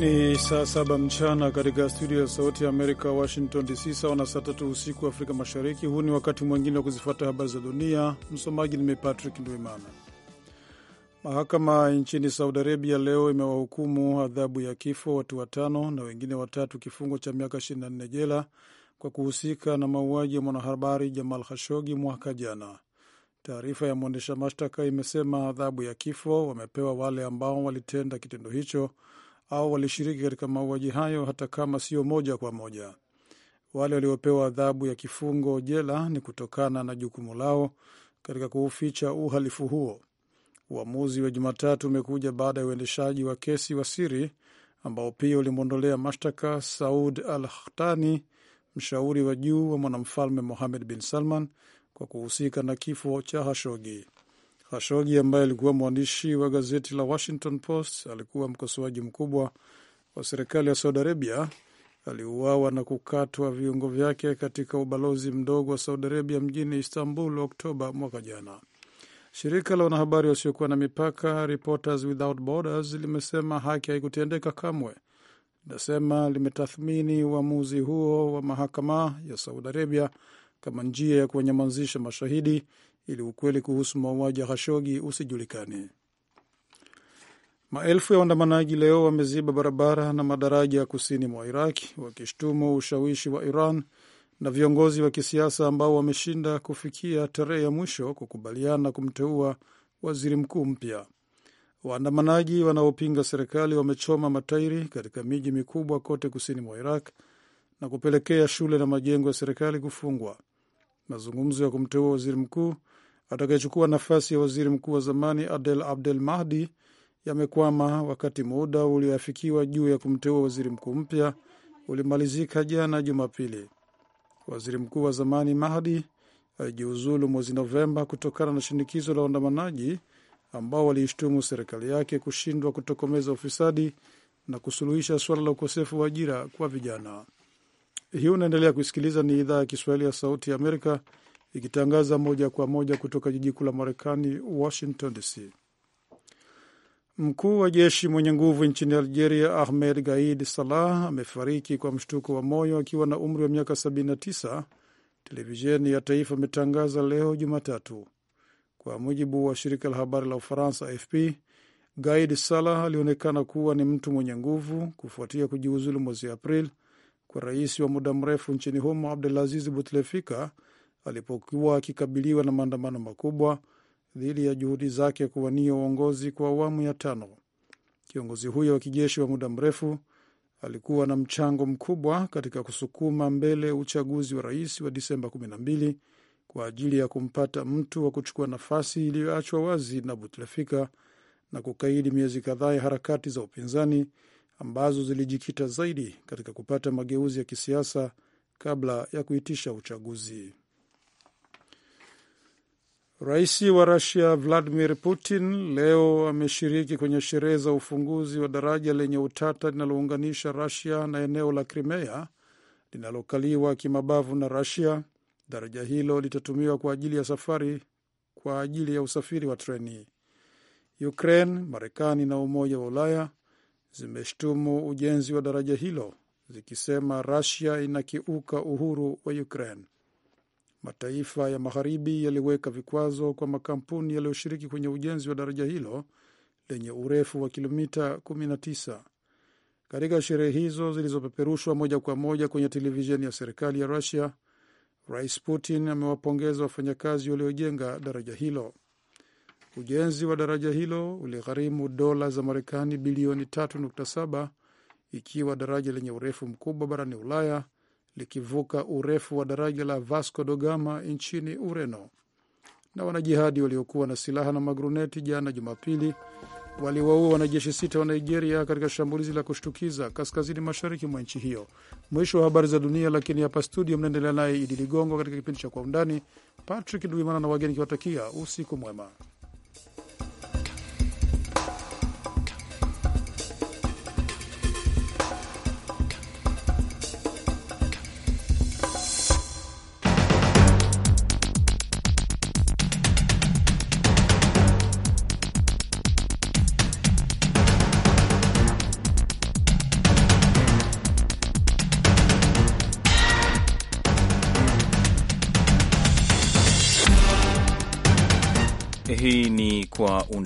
Ni saa saba mchana katika studio ya Sauti ya Amerika, Washington DC, sawa na saa tatu usiku Afrika Mashariki. Huu ni wakati mwingine wa kuzifuata habari za dunia. Msomaji nime Patrick Ndwimana. Mahakama nchini Saudi Arabia leo imewahukumu adhabu ya kifo watu watano na wengine watatu kifungo cha miaka 24 jela kwa kuhusika na mauaji ya mwanahabari Jamal Khashoggi mwaka jana. Taarifa ya mwendesha mashtaka imesema adhabu ya kifo wamepewa wale ambao walitenda kitendo hicho au walishiriki katika mauaji hayo, hata kama sio moja kwa moja. Wale waliopewa adhabu ya kifungo jela ni kutokana na jukumu lao katika kuuficha uhalifu huo. Uamuzi wa Jumatatu umekuja baada ya uendeshaji wa kesi wa siri ambao pia ulimwondolea mashtaka Saud Al Khtani, mshauri wa juu wa mwanamfalme Mohamed Bin Salman, kwa kuhusika na kifo cha Hashogi. Khashogi ambaye alikuwa mwandishi wa gazeti la Washington Post alikuwa mkosoaji mkubwa wa serikali ya Saudi Arabia aliuawa na kukatwa viungo vyake katika ubalozi mdogo wa Saudi Arabia mjini Istanbul Oktoba mwaka jana. Shirika la wanahabari wasiokuwa na mipaka Reporters Without Borders limesema haki haikutendeka kamwe. Linasema limetathmini uamuzi huo wa mahakama ya Saudi Arabia kama njia ya kuwanyamazisha mashahidi ili ukweli kuhusu mauaji ya Khashogi usijulikane. Maelfu ya waandamanaji leo wameziba barabara na madaraja ya kusini mwa Iraq wakishtumu ushawishi wa Iran na viongozi wa kisiasa ambao wameshinda kufikia tarehe ya mwisho kukubaliana kumteua waziri mkuu mpya. Waandamanaji wanaopinga serikali wamechoma matairi katika miji mikubwa kote kusini mwa Iraq na kupelekea shule na majengo ya serikali kufungwa. Mazungumzo ya kumteua waziri mkuu atakayechukua nafasi ya waziri mkuu wa zamani Adel Abdel Mahdi yamekwama wakati muda ulioafikiwa juu ya kumteua waziri mkuu mpya ulimalizika jana Jumapili. Waziri mkuu wa zamani Mahdi alijiuzulu mwezi Novemba kutokana na shinikizo la waandamanaji ambao waliishtumu serikali yake kushindwa kutokomeza ufisadi na kusuluhisha suala la ukosefu wa ajira kwa vijana. Hii unaendelea kusikiliza, ni idhaa ya Kiswahili ya Sauti ya Amerika ikitangaza moja kwa moja kutoka jiji kuu la Marekani, Washington DC. Mkuu wa jeshi mwenye nguvu nchini Algeria, Ahmed Gaid Salah, amefariki kwa mshtuko wa moyo akiwa na umri wa miaka 79, televisheni ya taifa imetangaza leo Jumatatu, kwa mujibu wa shirika la habari la Ufaransa AFP. Gaid Salah alionekana kuwa ni mtu mwenye nguvu kufuatia kujiuzulu mwezi april kwa rais wa muda mrefu nchini humo Abdulaziz Butlefika alipokuwa akikabiliwa na maandamano makubwa dhidi ya juhudi zake kuwania uongozi kwa awamu ya tano. Kiongozi huyo wa kijeshi wa muda mrefu alikuwa na mchango mkubwa katika kusukuma mbele uchaguzi wa rais wa Disemba 12 kwa ajili ya kumpata mtu wa kuchukua nafasi iliyoachwa wazi na butlefika na kukaidi miezi kadhaa ya harakati za upinzani ambazo zilijikita zaidi katika kupata mageuzi ya kisiasa kabla ya kuitisha uchaguzi. Rais wa Rusia Vladimir Putin leo ameshiriki kwenye sherehe za ufunguzi wa daraja lenye utata linalounganisha Rusia na eneo la Crimea linalokaliwa kimabavu na Rusia. Daraja hilo litatumiwa kwa ajili ya safari kwa ajili ya usafiri wa treni. Ukraine, Marekani na Umoja wa Ulaya zimeshtumu ujenzi wa daraja hilo zikisema Rusia inakiuka uhuru wa Ukraine mataifa ya magharibi yaliweka vikwazo kwa makampuni yaliyoshiriki kwenye ujenzi wa daraja hilo lenye urefu wa kilomita 19. Katika sherehe hizo zilizopeperushwa moja kwa moja kwenye televisheni ya serikali ya Rusia, Rais Putin amewapongeza wafanyakazi waliojenga daraja hilo. Ujenzi wa daraja hilo uligharimu dola za Marekani bilioni 3.7, ikiwa daraja lenye urefu mkubwa barani Ulaya likivuka urefu wa daraja la Vasco da Gama nchini Ureno. Na wanajihadi waliokuwa na silaha na magruneti jana Jumapili waliwaua wanajeshi sita wa Nigeria katika shambulizi la kushtukiza kaskazini mashariki mwa nchi hiyo. Mwisho wa habari za dunia, lakini hapa studio mnaendelea naye Idi Ligongo katika kipindi cha Kwa Undani. Patrick Duimana na wageni kiwatakia usiku mwema.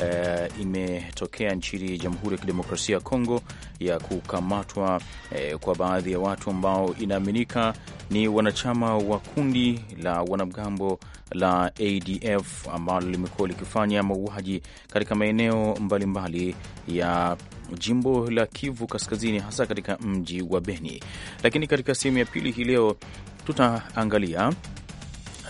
e, imetokea nchini Jamhuri ya Kidemokrasia ya Kongo ya kukamatwa e, kwa baadhi ya watu ambao inaaminika ni wanachama wa kundi la wanamgambo la ADF ambalo limekuwa likifanya mauaji katika maeneo mbalimbali ya jimbo la Kivu Kaskazini, hasa katika mji wa Beni. Lakini katika sehemu ya pili hii leo tutaangalia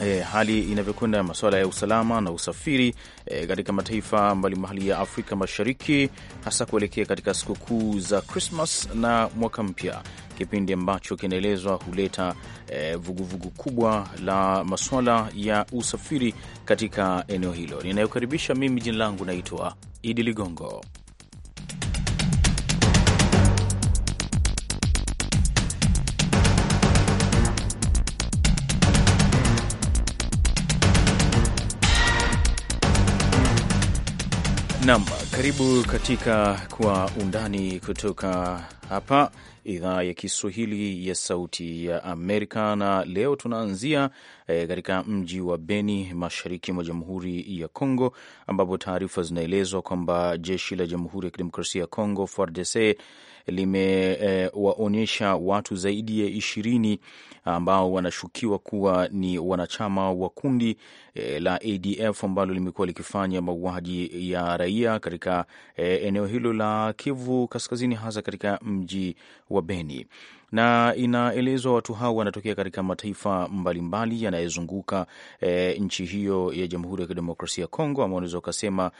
eh, hali inavyokwenda masuala ya usalama na usafiri eh, katika mataifa mbalimbali ya Afrika Mashariki, hasa kuelekea katika sikukuu za Krismas na mwaka mpya, kipindi ambacho kinaelezwa huleta eh, vuguvugu eh, vugu kubwa la masuala ya usafiri katika eneo hilo. Ninayokaribisha mimi, jina langu naitwa Idi Ligongo. Nam, karibu katika Kwa Undani kutoka hapa idhaa ya Kiswahili ya Sauti ya Amerika, na leo tunaanzia e, katika mji wa Beni, mashariki mwa Jamhuri ya Kongo, ambapo taarifa zinaelezwa kwamba jeshi la Jamhuri ya Kidemokrasia ya Kongo FARDC limewaonyesha eh, e, watu zaidi ya ishirini ambao wanashukiwa kuwa ni wanachama wa kundi E, la ADF ambalo limekuwa likifanya mauaji ya raia katika e, eneo hilo la Kivu Kaskazini, hasa katika mji wa Beni na inaelezwa watu hao wanatokea katika mataifa mbalimbali yanayozunguka e, nchi hiyo ya Jamhuri ya Kidemokrasia ya Kongo, ama unaweza ukasema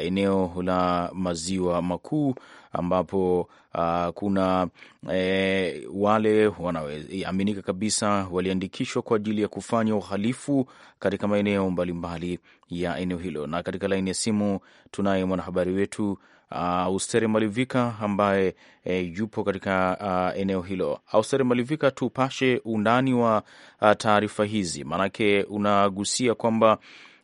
eneo la maziwa makuu ambapo a, kuna e, wale wanaaminika kabisa waliandikishwa kwa ajili ya kufanya uhalifu katika maeneo mbalimbali ya eneo hilo. Na katika laini ya simu tunaye mwanahabari wetu uh, Austere Malivika ambaye e, yupo katika uh, eneo hilo. Austere Malivika, tupashe undani wa uh, taarifa hizi, maanake unagusia kwamba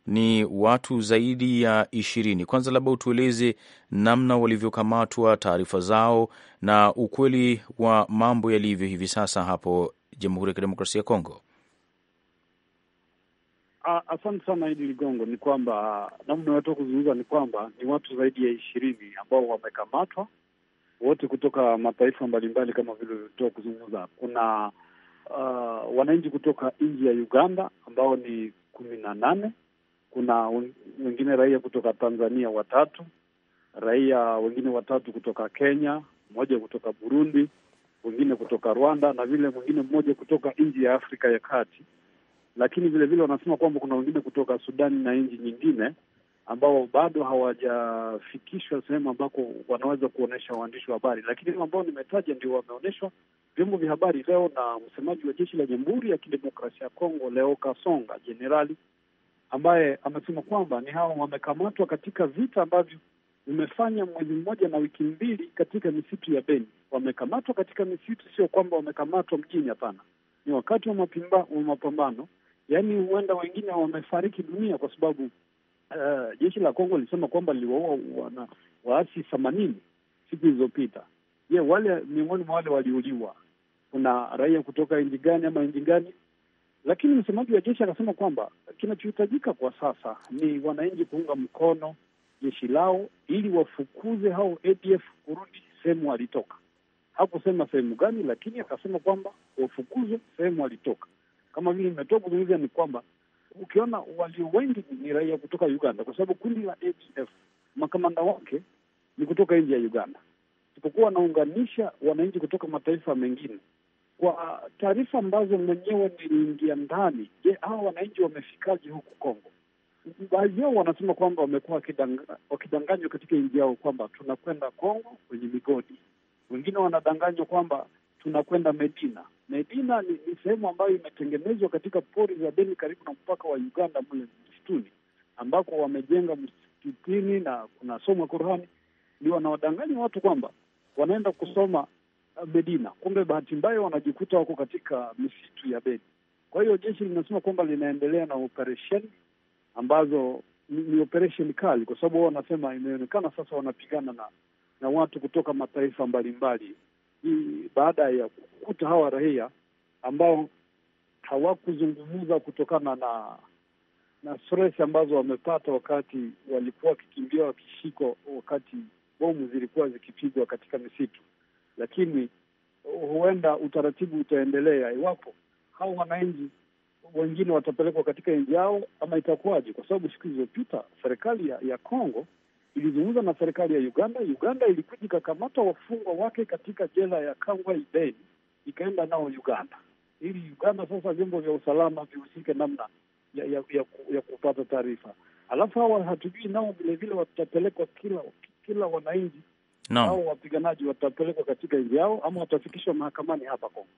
ni watu zaidi ya ishirini. Kwanza labda utueleze namna walivyokamatwa, taarifa zao na ukweli wa mambo yalivyo hivi sasa hapo Jamhuri ya Kidemokrasia ya Kongo. Asante sana Idi Ligongo. Ni kwamba namna watu kuzungumza ni kwamba ni watu zaidi ya ishirini ambao wamekamatwa wote kutoka mataifa mbalimbali kama vile ulivyotoa kuzungumza. Kuna uh, wananchi kutoka nchi ya Uganda ambao ni kumi na nane. Kuna wengine raia kutoka Tanzania watatu, raia wengine watatu kutoka Kenya, mmoja kutoka Burundi, wengine kutoka Rwanda na vile mwingine mmoja kutoka nchi ya Afrika ya Kati lakini vilevile wanasema kwamba kuna wengine kutoka Sudani na nchi nyingine ambao bado hawajafikishwa sehemu ambako wanaweza kuonyesha waandishi wa habari, lakini hao ambao nimetaja ndio wameonyeshwa vyombo vya habari leo na msemaji wa jeshi la Jamhuri ya Kidemokrasia ya Kongo Leo Kasonga jenerali, ambaye amesema kwamba ni hao wamekamatwa katika vita ambavyo vimefanya mwezi mmoja na wiki mbili katika misitu ya Beni. Wamekamatwa katika misitu, sio kwamba wamekamatwa mjini, hapana, ni wakati wa, mapimba, wa mapambano yaani huenda wengine wamefariki dunia kwa sababu uh, jeshi la Kongo lilisema kwamba liliwaua wana waasi themanini siku ilizopita. Je, wale miongoni mwa wale waliuliwa kuna raia kutoka nchi gani ama nchi gani? Lakini msemaji wa jeshi akasema kwamba kinachohitajika kwa sasa ni wananchi kuunga mkono jeshi lao ili wafukuze hao ADF kurudi sehemu walitoka. Hakusema sehemu gani, lakini akasema kwamba wafukuze sehemu walitoka kama vile nimetoa kuzungumza, ni kwamba ukiona walio wengi ni raia kutoka Uganda, kwa sababu kundi la ADF makamanda wake ni kutoka nji ya Uganda, isipokuwa wanaunganisha wananchi kutoka mataifa mengine. Kwa taarifa ambazo mwenyewe niliingia ndani, je, hawa wananchi wamefikaje huku Kongo? Baadhi yao wanasema kwamba wamekuwa wakidanganywa katika nji yao kwamba tunakwenda Kongo kwenye migodi. Wengine wanadanganywa kwamba tunakwenda Medina. Medina ni, ni sehemu ambayo imetengenezwa katika pori za Beni karibu na mpaka wa Uganda mle msituni, ambako wamejenga msikitini na kunasoma Qurani. Ni wanawadanganya watu kwamba wanaenda kusoma uh, Medina, kumbe bahati mbaya wanajikuta wako katika misitu ya Beni. Kwa hiyo jeshi linasema kwamba linaendelea na operesheni ambazo ni, ni operesheni kali, kwa sababu wao wanasema imeonekana sasa wanapigana na na watu kutoka mataifa mbalimbali baada ya kukuta hawa raia ambao hawakuzungumza kutokana na na stress ambazo wamepata wakati walikuwa wakikimbia wakishikwa, wakati bomu zilikuwa zikipigwa katika misitu. Lakini huenda utaratibu utaendelea iwapo hao wananchi wengine watapelekwa katika nchi yao ama itakuwaje, kwa sababu siku zilizopita serikali ya, ya Kongo ilizungumza na serikali ya Uganda. Uganda ilikuja ikakamata wafungwa wake katika jela ya Kangwa Ideni, ikaenda nao Uganda ili Uganda sasa vyombo vya usalama vihusike namna ya, ya, ya, ya kupata taarifa. Alafu hawa hatujui nao vilevile watapelekwa kila kila wananchi Naam. Au wapiganaji watapelekwa katika nchi yao ama watafikishwa mahakamani hapa Kongo.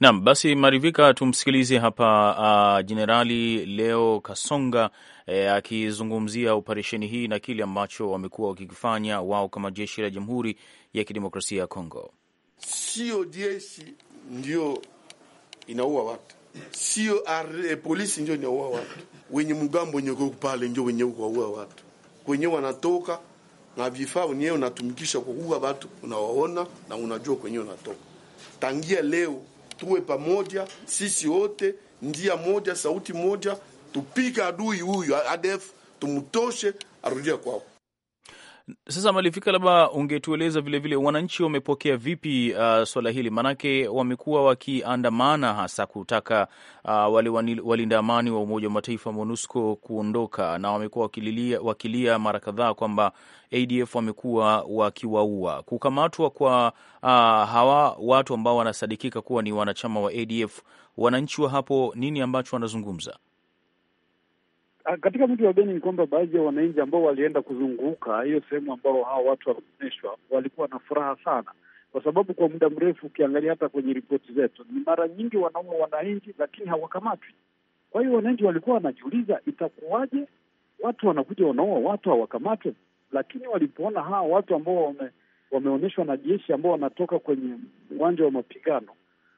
Naam, basi Marivika, tumsikilize hapa uh, Jenerali uh, Leo Kasonga eh, akizungumzia operesheni hii na kile ambacho wamekuwa wakikifanya wao kama jeshi la Jamhuri ya Kidemokrasia ya Kongo. Sio jeshi ndio inaua watu, sio eh, polisi ndio inaua watu, wenye mgambo wenye pale ndio wenye kuua watu, wenye wanatoka na vifaa unyewe unatumikisha kwa kuwa watu, unawaona na unajua kwenyewe unatoka. Tangia leo tuwe pamoja sisi wote, njia moja, sauti moja, tupika adui huyu ADF, tumtoshe, arudia kwao. Sasa Malifika, labda ungetueleza vilevile wananchi wamepokea vipi uh, swala hili, maanake wamekuwa wakiandamana hasa kutaka uh, wale walinda amani wa Umoja wa Mataifa MONUSCO kuondoka, na wamekuwa wakilia, wakilia mara kadhaa kwamba ADF wamekuwa wakiwaua. Kukamatwa kwa uh, hawa watu ambao wanasadikika kuwa ni wanachama wa ADF, wananchi wa hapo nini ambacho wanazungumza? Ah, katika mji wa Beni ni kwamba baadhi ya wananchi ambao walienda kuzunguka hiyo sehemu ambao hawa watu walionyeshwa walikuwa na furaha sana, kwa sababu kwa muda mrefu ukiangalia hata kwenye ripoti zetu ni mara nyingi wanaua wananchi, lakini hawakamatwi. Kwa hiyo wananchi walikuwa wanajiuliza itakuwaje, watu wanakuja wanaua watu hawakamatwe, lakini walipoona hawa watu ambao wame, wameonyeshwa na jeshi ambao wanatoka kwenye uwanja wa mapigano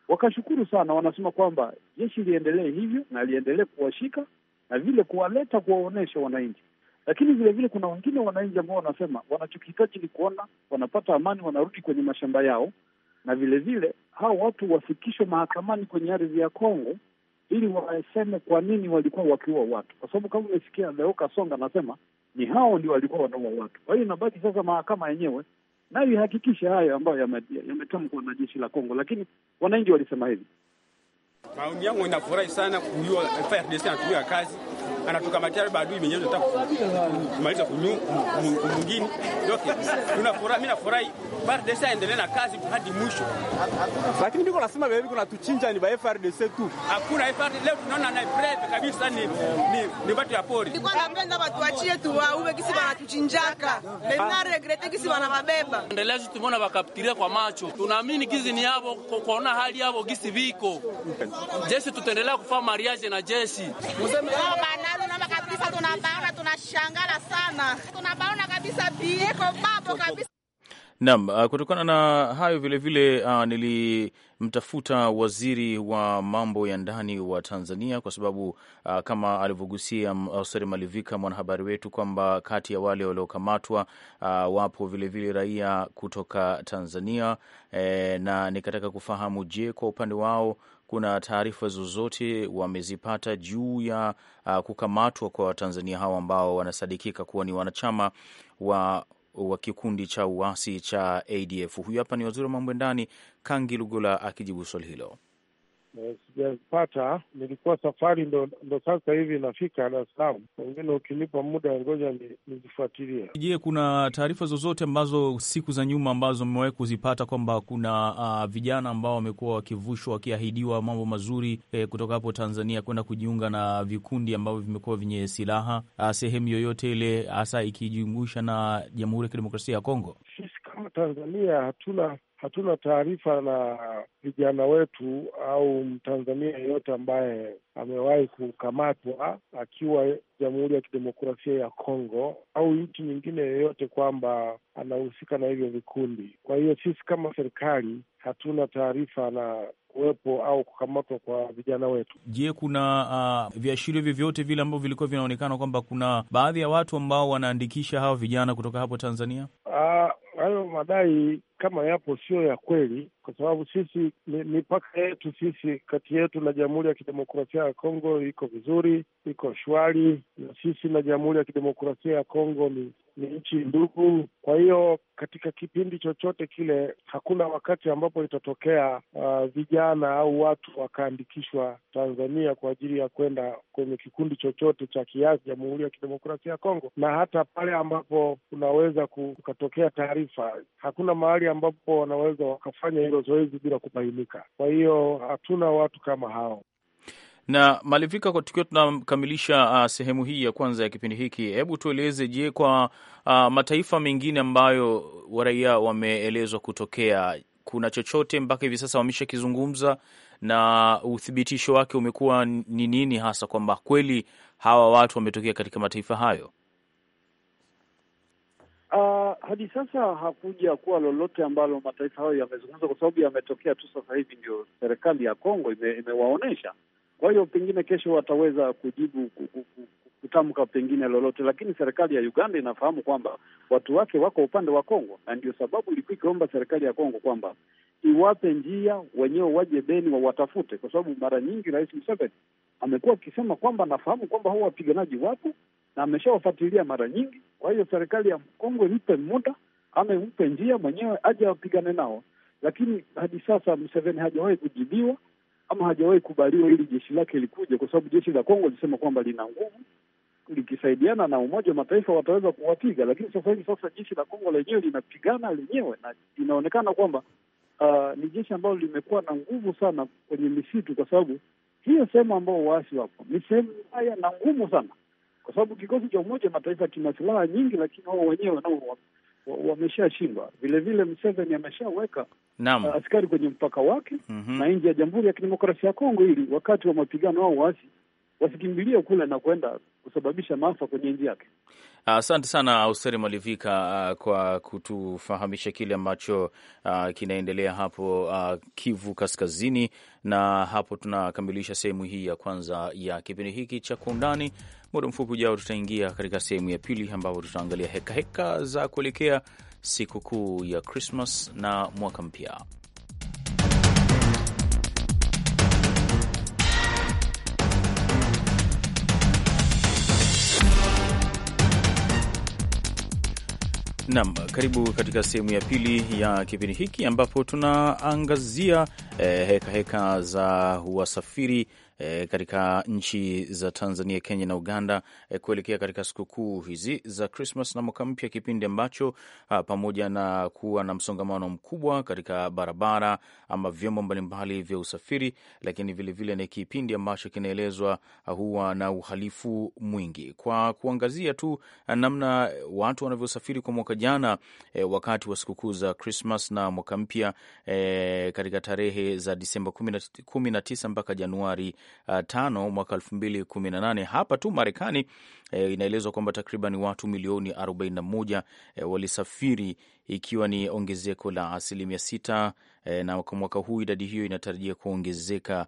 wakashukuru sana, wanasema kwamba jeshi liendelee hivyo na liendelee kuwashika na vile kuwaleta kuwaonyesha wananchi. Lakini vile vile kuna wengine wananchi ambao wanasema wanachokihitaji ni kuona wanapata amani, wanarudi kwenye mashamba yao, na vile vile hao watu wafikishwe mahakamani kwenye ardhi ya Kongo ili waseme kwa nini walikuwa wakiua watu, kwa sababu kama umesikia leo Kasonga anasema ni hao ndio walikuwa wanaua watu. Kwa hiyo inabaki sasa mahakama yenyewe nayo ihakikishe hayo ambayo yametamkwa na jeshi la Kongo, lakini wananchi walisema hivi. Maoni yangu inafurahi sana kujua FARDC anatumia kazi, anatukamatia badui mwenyewe maliza kunyu mwingine yote. tuna furaha, mimi nafurahi FARDC aendelee na kazi hadi mwisho, lakini ndiko nasema bebi, kuna tuchinja ni ba FARDC tu, hakuna FARDC leo. Tunaona na breve kabisa ni ni ni watu ya pori. Nilikuwa napenda watu wachie tu wa waue kisi bana wanatuchinjaka ah. na regrete kisi bana mabeba wanababeba tu tumeona wakapitiria kwa macho, tunaamini kizi ni hapo kuona hali hapo kisi viko Jeshi tutaendelea kufanya mariage na jeshi. Ah, tunabaona, tunashangala sana. Tunabaona kabisa bieko kabisa. Naam, ah, kutokana na hayo vilevile vile, uh, nili mtafuta waziri wa mambo ya ndani wa Tanzania kwa sababu uh, kama alivyogusia Auseri uh, Malivika mwanahabari wetu kwamba kati ya wale waliokamatwa uh, wapo vilevile vile raia kutoka Tanzania e, na nikataka kufahamu, je, kwa upande wao kuna taarifa zozote wamezipata juu ya uh, kukamatwa kwa Watanzania hao ambao wanasadikika kuwa ni wanachama wa wa kikundi cha uasi cha ADF. Huyu hapa ni waziri wa mambo ya ndani Kangi Lugula akijibu swali hilo. Eh, sijapata. Nilikuwa safari ndo, ndo sasa hivi inafika Dar es Salaam. Pengine ukinipa muda, ngoja nizifuatilie. Je, kuna taarifa zozote ambazo siku za nyuma ambazo mmewahi kuzipata kwamba kuna uh, vijana ambao wamekuwa wakivushwa wakiahidiwa mambo mazuri eh, kutoka hapo Tanzania kwenda kujiunga na vikundi ambavyo vimekuwa vyenye silaha uh, sehemu yoyote ile, hasa ikijumuisha na Jamhuri ya Kidemokrasia ya Kongo? Sisi kama Tanzania hatuna hatuna taarifa na vijana wetu au Mtanzania yeyote ambaye amewahi kukamatwa akiwa Jamhuri ya Kidemokrasia ya Kongo au nchi nyingine yeyote kwamba anahusika na hivyo vikundi. Kwa hiyo sisi kama serikali hatuna taarifa na kuwepo au kukamatwa kwa vijana wetu. Je, kuna uh, viashirio vyovyote vile ambavyo vilikuwa vinaonekana kwamba kuna baadhi ya watu ambao wanaandikisha hawa vijana kutoka hapo Tanzania? Uh, hayo madai kama yapo sio ya kweli, kwa sababu sisi mipaka yetu sisi kati yetu na Jamhuri ya Kidemokrasia ya Kongo iko vizuri, iko shwari, na sisi na Jamhuri ya Kidemokrasia ya Kongo ni ni nchi ndugu. Kwa hiyo katika kipindi chochote kile, hakuna wakati ambapo itatokea uh, vijana au watu wakaandikishwa Tanzania kwa ajili ya kwenda kwenye kikundi chochote cha kiasi Jamhuri ya Kidemokrasia ya Kongo, na hata pale ambapo kunaweza kukatokea taarifa taarifa. Hakuna mahali ambapo wanaweza wakafanya hilo zoezi bila kubainika. Kwa hiyo hatuna watu kama hao. Na Malivika, tukiwa tunakamilisha uh, sehemu hii ya kwanza ya kipindi hiki, hebu tueleze, je, kwa uh, mataifa mengine ambayo waraia wameelezwa kutokea, kuna chochote mpaka hivi sasa wameshakizungumza na uthibitisho wake umekuwa ni nini hasa, kwamba kweli hawa watu wametokea katika mataifa hayo? hadi sasa hakuja kuwa lolote ambalo mataifa hayo yamezungumza, kwa sababu yametokea tu sasa hivi, ndio serikali ya Kongo ime, Kwa hiyo pengine kesho wataweza kujibu kutamka pengine lolote, lakini serikali ya Uganda inafahamu kwamba watu wake wako upande wa Kongo, na ndio sababu ilikuwa ikiomba serikali ya Kongo kwamba iwape njia, wenyewe waje Beni wawatafute, kwa sababu mara nyingi Rais Museveni amekuwa akisema kwamba anafahamu kwamba hao wapiganaji wapo na ameshawafuatilia mara nyingi. Kwa hiyo serikali ya kongo mpe muda ama mpe njia mwenyewe aje wapigane nao, lakini hadi sasa Museveni hajawahi kujibiwa ama hajawahi kubaliwa ili jeshi lake likuja kwa sababu jeshi la Kongo lisema kwamba lina nguvu, likisaidiana na Umoja wa Mataifa wataweza kuwapiga. Lakini sasa hivi sasa jeshi la Kongo lenyewe linapigana lenyewe, na inaonekana kwamba uh, ni jeshi ambalo limekuwa na nguvu sana kwenye misitu, kwa sababu hiyo sehemu ambao waasi wapo ni sehemu mbaya na ngumu sana kwa sababu kikosi cha Umoja wa Mataifa kina silaha nyingi, lakini wao wenyewe nao wameshashindwa. Vilevile Mseveni ameshaweka uh, askari kwenye mpaka wake mm -hmm. na nje ya Jamhuri ya Kidemokrasia ya Kongo, ili wakati wa mapigano au waasi wasikimbilie kule na kwenda kusababisha maafa kwenye nji yake. Asante uh, sana Austeri Malivika uh, kwa kutufahamisha kile ambacho uh, kinaendelea hapo uh, Kivu Kaskazini, na hapo tunakamilisha sehemu hii ya kwanza ya kipindi hiki cha Kwa Undani. Muda mfupi ujao tutaingia katika sehemu ya pili ambapo tutaangalia hekaheka za kuelekea sikukuu ya Krismas na mwaka mpya. Nam, karibu katika sehemu ya pili ya kipindi hiki ambapo tunaangazia hekaheka eh, heka heka za wasafiri e, katika nchi za Tanzania, Kenya na Uganda e, kuelekea katika sikukuu hizi za Krismas na mwaka mpya, kipindi ambacho a, pamoja na kuwa na msongamano mkubwa katika barabara ama vyombo mbalimbali vya usafiri, lakini vilevile ni kipindi ambacho kinaelezwa huwa na uhalifu mwingi. Kwa kuangazia tu namna watu wanavyosafiri kwa mwaka jana e, wakati wa sikukuu za Krismas na mwaka mpya e, katika tarehe za Disemba 19 mpaka Januari Uh, tano mwaka elfu mbili kumi na nane hapa tu Marekani E, inaelezwa kwamba takriban watu milioni 41 e, walisafiri ikiwa ni ongezeko la asilimia sita e, na kwa mwaka huu idadi hiyo inatarajia kuongezeka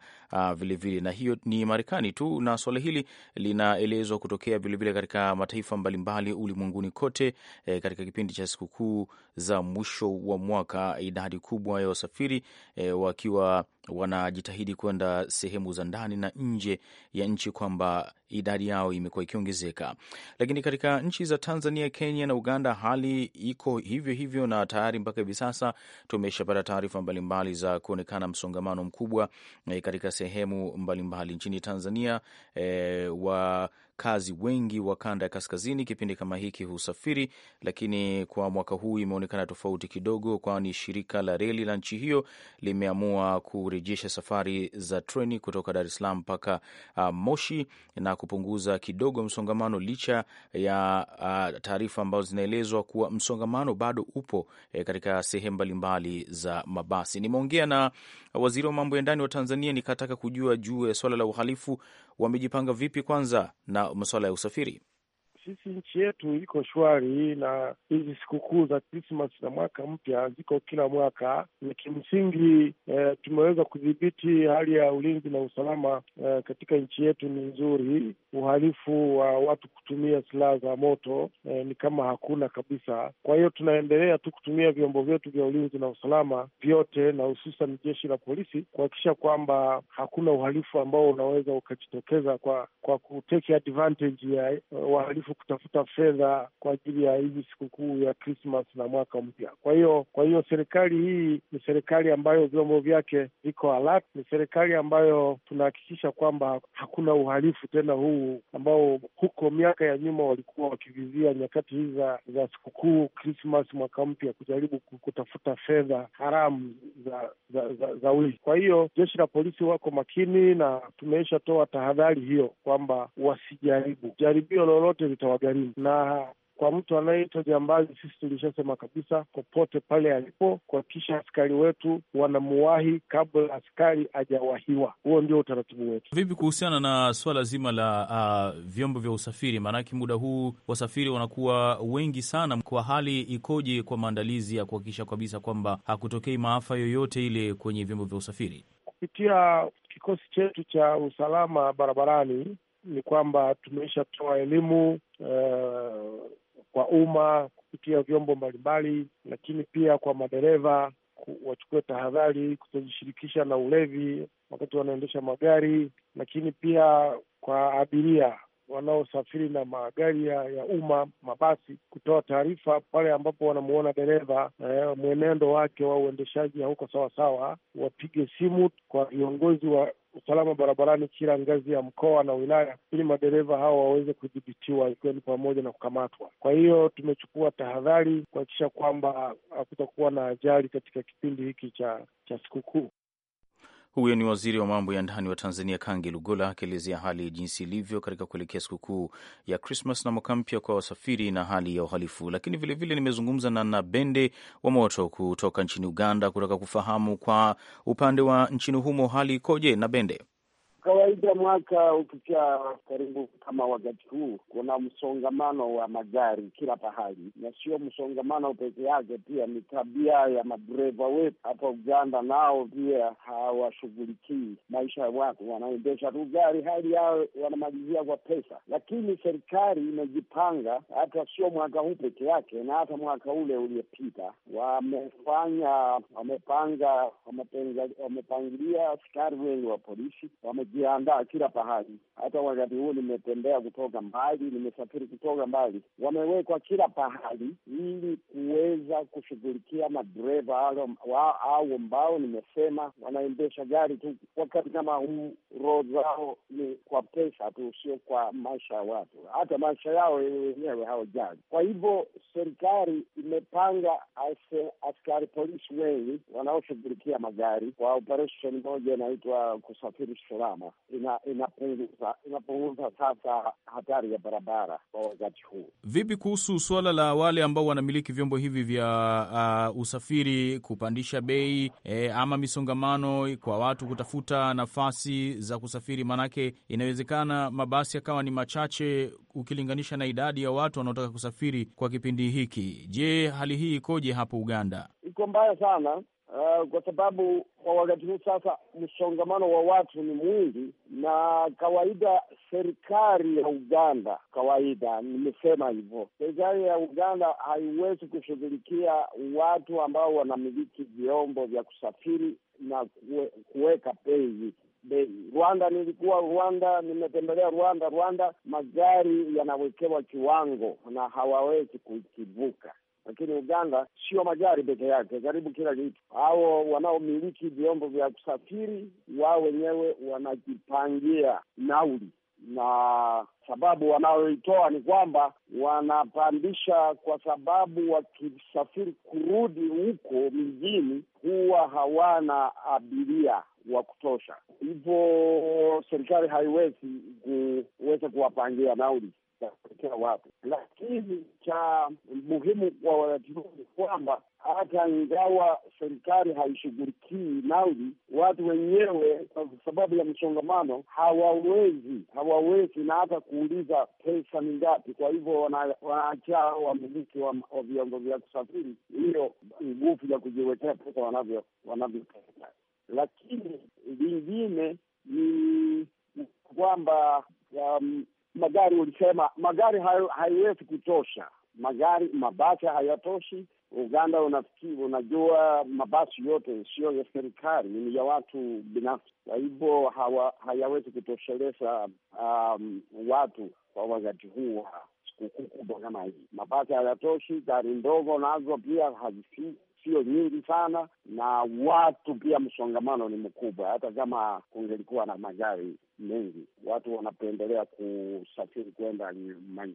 vilevile, na hiyo ni Marekani tu, na swala hili linaelezwa kutokea vilevile katika mataifa mbalimbali ulimwenguni kote. E, katika kipindi cha sikukuu za mwisho wa mwaka idadi kubwa ya wasafiri e, wakiwa wanajitahidi kwenda sehemu za ndani na nje ya nchi kwamba idadi yao imekuwa ikiongezeka, lakini katika nchi za Tanzania, Kenya na Uganda hali iko hivyo hivyo, na tayari mpaka hivi sasa tumeshapata taarifa mbalimbali za kuonekana msongamano mkubwa eh, katika sehemu mbalimbali mbali nchini Tanzania e, wa wakazi wengi wa kanda ya kaskazini kipindi kama hiki husafiri, lakini kwa mwaka huu imeonekana tofauti kidogo, kwani shirika la reli la nchi hiyo limeamua kurejesha safari za treni kutoka Dar es Salaam mpaka uh, Moshi na kupunguza kidogo msongamano, licha ya uh, taarifa ambazo zinaelezwa kuwa msongamano bado upo eh, katika sehemu mbalimbali za mabasi. Nimeongea na waziri wa mambo ya ndani wa Tanzania nikataka kujua juu ya swala la uhalifu wamejipanga vipi kwanza na masuala ya usafiri? sisi nchi yetu iko shwari, na hizi sikukuu za Krismas na mwaka mpya ziko kila mwaka, na kimsingi e, tumeweza kudhibiti hali ya ulinzi na usalama e, katika nchi yetu ni nzuri. Uhalifu wa watu kutumia silaha za moto e, ni kama hakuna kabisa. Kwa hiyo tunaendelea tu kutumia vyombo vyetu vya ulinzi na usalama vyote, na hususan jeshi la polisi kuhakikisha kwamba hakuna uhalifu ambao unaweza ukajitokeza kwa kwa kuteki advantage ya wahalifu watu kutafuta fedha kwa ajili ya hizi sikukuu ya Krismas na mwaka mpya. Kwa hiyo kwa hiyo serikali hii ni serikali ambayo vyombo vyake viko alert, ni serikali ambayo tunahakikisha kwamba hakuna uhalifu tena huu ambao huko miaka ya nyuma walikuwa wakivizia nyakati hizi za, za sikukuu Krismas, mwaka mpya, kujaribu kutafuta fedha haramu za za, za, za wizi. Kwa hiyo jeshi la polisi wako makini na tumeisha toa tahadhari hiyo kwamba wasijaribu jaribio lolote cha na kwa mtu anayeitwa jambazi, sisi tulishasema kabisa, popote pale alipo, kuhakikisha askari wetu wanamuwahi kabla askari ajawahiwa Huo ndio utaratibu wetu. Vipi kuhusiana na swala zima la uh, vyombo vya usafiri? Maanake muda huu wasafiri wanakuwa wengi sana, kwa hali ikoje kwa maandalizi ya kuhakikisha kabisa kwamba hakutokei maafa yoyote ile kwenye vyombo vya usafiri? Kupitia kikosi chetu cha usalama barabarani ni kwamba toa elimu uh, kwa umma kupitia vyombo mbalimbali, lakini pia kwa madereva wachukue tahadhari kutojishirikisha na ulevi wakati wanaendesha magari, lakini pia kwa abiria wanaosafiri na magari ya, ya umma mabasi, kutoa taarifa pale ambapo wanamuona dereva eh, mwenendo wake wa uendeshaji hauko sawasawa, wapige simu kwa viongozi wa usalama barabarani kila ngazi ya mkoa na wilaya, ili madereva hao waweze kudhibitiwa, ikiwa ni pamoja na kukamatwa. Kwa hiyo tumechukua tahadhari kuhakikisha kwamba hakutakuwa na ajali katika kipindi hiki cha cha sikukuu. Huyo ni waziri wa mambo ya ndani wa Tanzania, Kangi Lugola, akielezea hali jinsi ilivyo katika kuelekea sikukuu ya Krismas na mwaka mpya kwa wasafiri na hali ya uhalifu. Lakini vilevile nimezungumza na Nabende wa Moto kutoka nchini Uganda, kutaka kufahamu kwa upande wa nchini humo hali ikoje. Nabende kawaida mwaka ukija karibu kama wakati huu, kuna msongamano wa magari kila pahali, na sio msongamano peke yake, pia ni tabia ya madereva wetu hapa Uganda, nao pia hawashughulikii maisha ya watu, wanaendesha tu gari, hali yao wanamalizia kwa pesa. Lakini serikali imejipanga, hata sio mwaka huu peke yake, na hata mwaka ule uliopita, wamefanya wamepanga, wamepangilia askari wengi wa polisi wame wamejiandaa kila pahali. Hata wakati huu nimetembea kutoka mbali, nimesafiri kutoka mbali, wamewekwa kila pahali ili kuweza kushughulikia madereva au ambao nimesema wanaendesha gari tu wakati kama huu, roho zao ni kwa pesa tu, sio kwa maisha ya watu, hata maisha yao wenyewe hawajali. Kwa hivyo serikali imepanga askari polisi wengi wanaoshughulikia magari kwa operesheni moja inaitwa kusafiri salama sana, inapunguza inapunguza sasa hatari ya barabara kwa wakati huu. Vipi kuhusu suala la wale ambao wanamiliki vyombo hivi vya uh, usafiri kupandisha bei e, ama misongamano kwa watu kutafuta nafasi za kusafiri? Maanake inawezekana mabasi yakawa ni machache ukilinganisha na idadi ya watu wanaotaka kusafiri kwa kipindi hiki. Je, hali hii ikoje hapo Uganda? Iko mbaya sana uh, kwa sababu kwa wakati huu sasa msongamano wa watu ni mwingi, na kawaida serikali ya Uganda, kawaida nimesema hivyo, serikali ya Uganda haiwezi kushughulikia watu ambao wanamiliki vyombo vya kusafiri na kuweka bei bei. Rwanda nilikuwa Rwanda, nimetembelea Rwanda. Rwanda magari yanawekewa kiwango na hawawezi kukivuka lakini Uganda sio magari peke yake, karibu kila kitu. Hao wanaomiliki vyombo vya kusafiri wao wenyewe wanajipangia nauli, na sababu wanayoitoa ni kwamba wanapandisha, kwa sababu wakisafiri kurudi huko mjini huwa hawana abiria wa kutosha, hivyo serikali haiwezi kuweza kuwapangia nauli itaelekea wapi. Lakini cha muhimu kwa wakati huu ni kwamba hata ingawa serikali haishughulikii nauli, watu wenyewe kwa sababu ya msongamano hawawezi hawawezi na hata kuuliza pesa ni ngapi. Kwa hivyo wanaacha wamiliki wa vyombo vya kusafiri hiyo nguvu ya kujiwekea pesa wanavyo wanavyopenda. Lakini lingine ni kwamba um, magari ulisema magari haiwezi kutosha magari, mabasi hayatoshi. Uganda unajua mabasi yote siyo ya serikali, ni ya watu binafsi, kwa hivyo hayawezi kutosheleza um, watu kwa wakati huu wa sikukuu kubwa kama hii. Mabasi hayatoshi, gari ndogo nazo pia hazifiki sio nyingi sana, na watu pia, msongamano ni mkubwa. Hata kama kungelikuwa na magari mengi, watu wanapendelea kusafiri kwenda eh,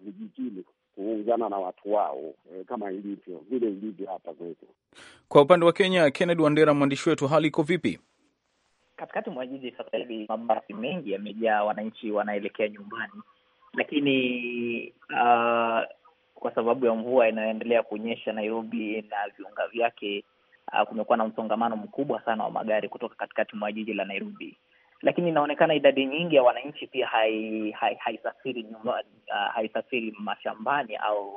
vijijini kuungana na watu wao eh, kama ilivyo vile ilivyo hapa kwetu. Kwa upande wa Kenya, Kennedy Wandera, mwandishi wetu, hali iko vipi? Katikati mwa jiji sasa hivi mabasi mengi yamejaa, wananchi wanaelekea nyumbani, lakini uh, kwa sababu ya mvua inayoendelea kunyesha Nairobi na viunga vyake. Uh, kumekuwa na msongamano mkubwa sana wa magari kutoka katikati mwa jiji la Nairobi, lakini inaonekana idadi nyingi ya wananchi pia haisafiri hai, hai uh, mashambani au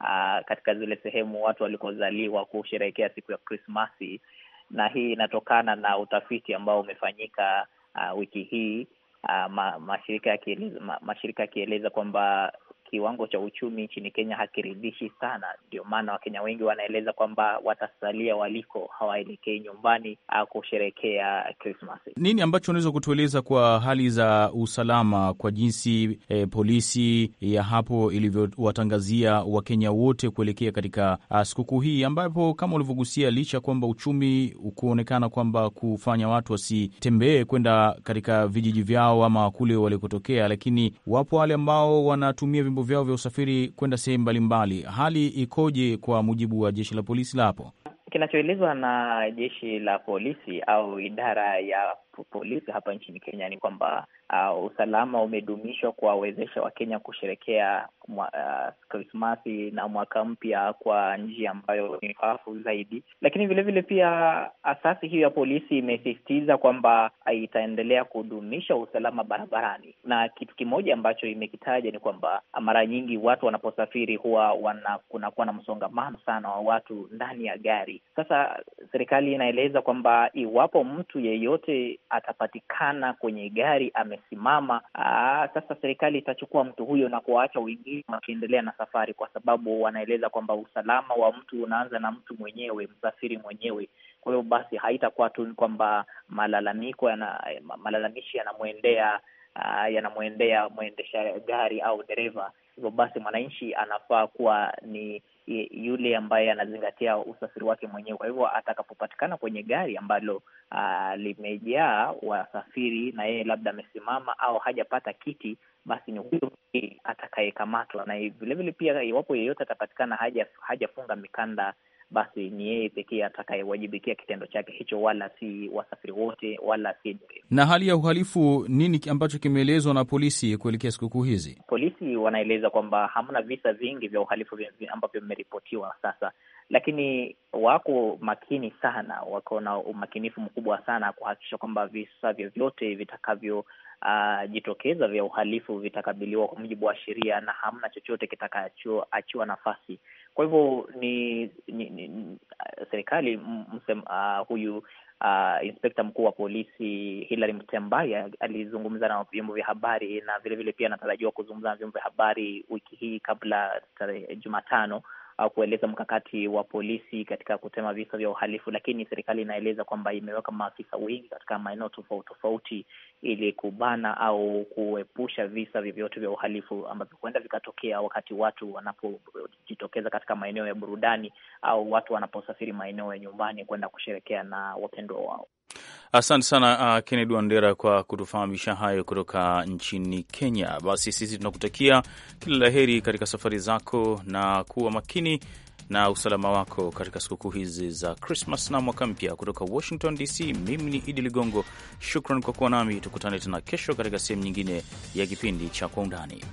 uh, katika zile sehemu watu walikozaliwa kusherehekea siku ya Krismasi, na hii inatokana na utafiti ambao umefanyika uh, wiki hii uh, ma, mashirika yakieleza ma, mashirika yakieleza kwamba kiwango cha uchumi nchini Kenya hakiridhishi sana. Ndio maana Wakenya wengi wanaeleza kwamba watasalia waliko, hawaelekei nyumbani ah, kusherekea krismas Nini ambacho unaweza kutueleza kwa hali za usalama, kwa jinsi eh, polisi ya hapo ilivyowatangazia Wakenya wote kuelekea katika ah, sikukuu hii, ambapo kama ulivyogusia, licha kwamba uchumi kuonekana kwamba kufanya watu wasitembee kwenda katika vijiji vyao ama kule walikotokea, lakini wapo wale ambao wanatumia vyombo vyombo vyao vya usafiri kwenda sehemu mbalimbali. Hali ikoje kwa mujibu wa jeshi la polisi la hapo? Kinachoelezwa na jeshi la polisi au idara ya polisi hapa nchini Kenya ni kwamba uh, usalama umedumishwa kuwawezesha Wakenya kusherekea Krismasi uh, na mwaka mpya kwa njia ambayo ni fafu zaidi, lakini vilevile vile pia uh, asasi hiyo ya polisi imesisitiza kwamba uh, itaendelea kudumisha usalama barabarani, na kitu kimoja ambacho imekitaja ni kwamba uh, mara nyingi watu wanaposafiri huwa kunakuwa na msongamano sana wa watu ndani ya gari. Sasa serikali inaeleza kwamba iwapo mtu yeyote atapatikana kwenye gari amesimama, aa, sasa serikali itachukua mtu huyo na kuwaacha wengine wakiendelea na safari, kwa sababu wanaeleza kwamba usalama wa mtu unaanza na mtu mwenyewe, msafiri mwenyewe. Kwa hiyo basi haitakuwa tu kwamba malalamiko yana, malalamishi yanamwendea yanamwendea mwendesha gari au dereva Hivyo basi mwananchi anafaa kuwa ni yule ambaye anazingatia usafiri wake mwenyewe. Kwa hivyo atakapopatikana kwenye gari ambalo uh, limejaa wasafiri na yeye labda amesimama au hajapata kiti, basi ni huyo atakayekamatwa. Na vilevile pia, iwapo yeyote atapatikana hajafunga haja mikanda basi ni yeye pekee atakayewajibikia kitendo chake hicho, wala si wasafiri wote, wala si na hali ya uhalifu. Nini ambacho kimeelezwa na polisi kuelekea sikukuu hizi? Polisi wanaeleza kwamba hamna visa vingi vya uhalifu ambavyo vimeripotiwa sasa, lakini wako makini sana, wako na umakinifu mkubwa sana kuhakikisha kwamba visa vyovyote vitakavyo Uh, jitokeza vya uhalifu vitakabiliwa kwa mujibu wa sheria na hamna chochote kitakachoachiwa nafasi kwa hivyo ni, ni, ni serikali msem, uh, huyu uh, inspekta mkuu wa polisi Hilary Mtembaya alizungumza na vyombo vya habari na vilevile vile pia anatarajiwa kuzungumza na vyombo vya habari wiki hii kabla tarehe Jumatano au kueleza mkakati wa polisi katika kutema visa vya uhalifu, lakini serikali inaeleza kwamba imeweka maafisa wengi katika maeneo tofauti tofauti ili kubana au kuepusha visa vyovyote vya uhalifu ambavyo huenda vikatokea wakati watu wanapojitokeza katika maeneo ya burudani au watu wanaposafiri maeneo ya nyumbani kwenda kusherekea na wapendwa wao. Asante sana uh, Kennedy Wandera kwa kutufahamisha hayo kutoka nchini Kenya. Basi sisi tunakutakia kila la heri katika safari zako na kuwa makini na usalama wako katika sikukuu hizi za Krismas na mwaka mpya. Kutoka Washington DC, mimi ni Idi Ligongo. Shukran kwa kuwa nami, tukutane tena kesho katika sehemu nyingine ya kipindi cha Kwa Undani.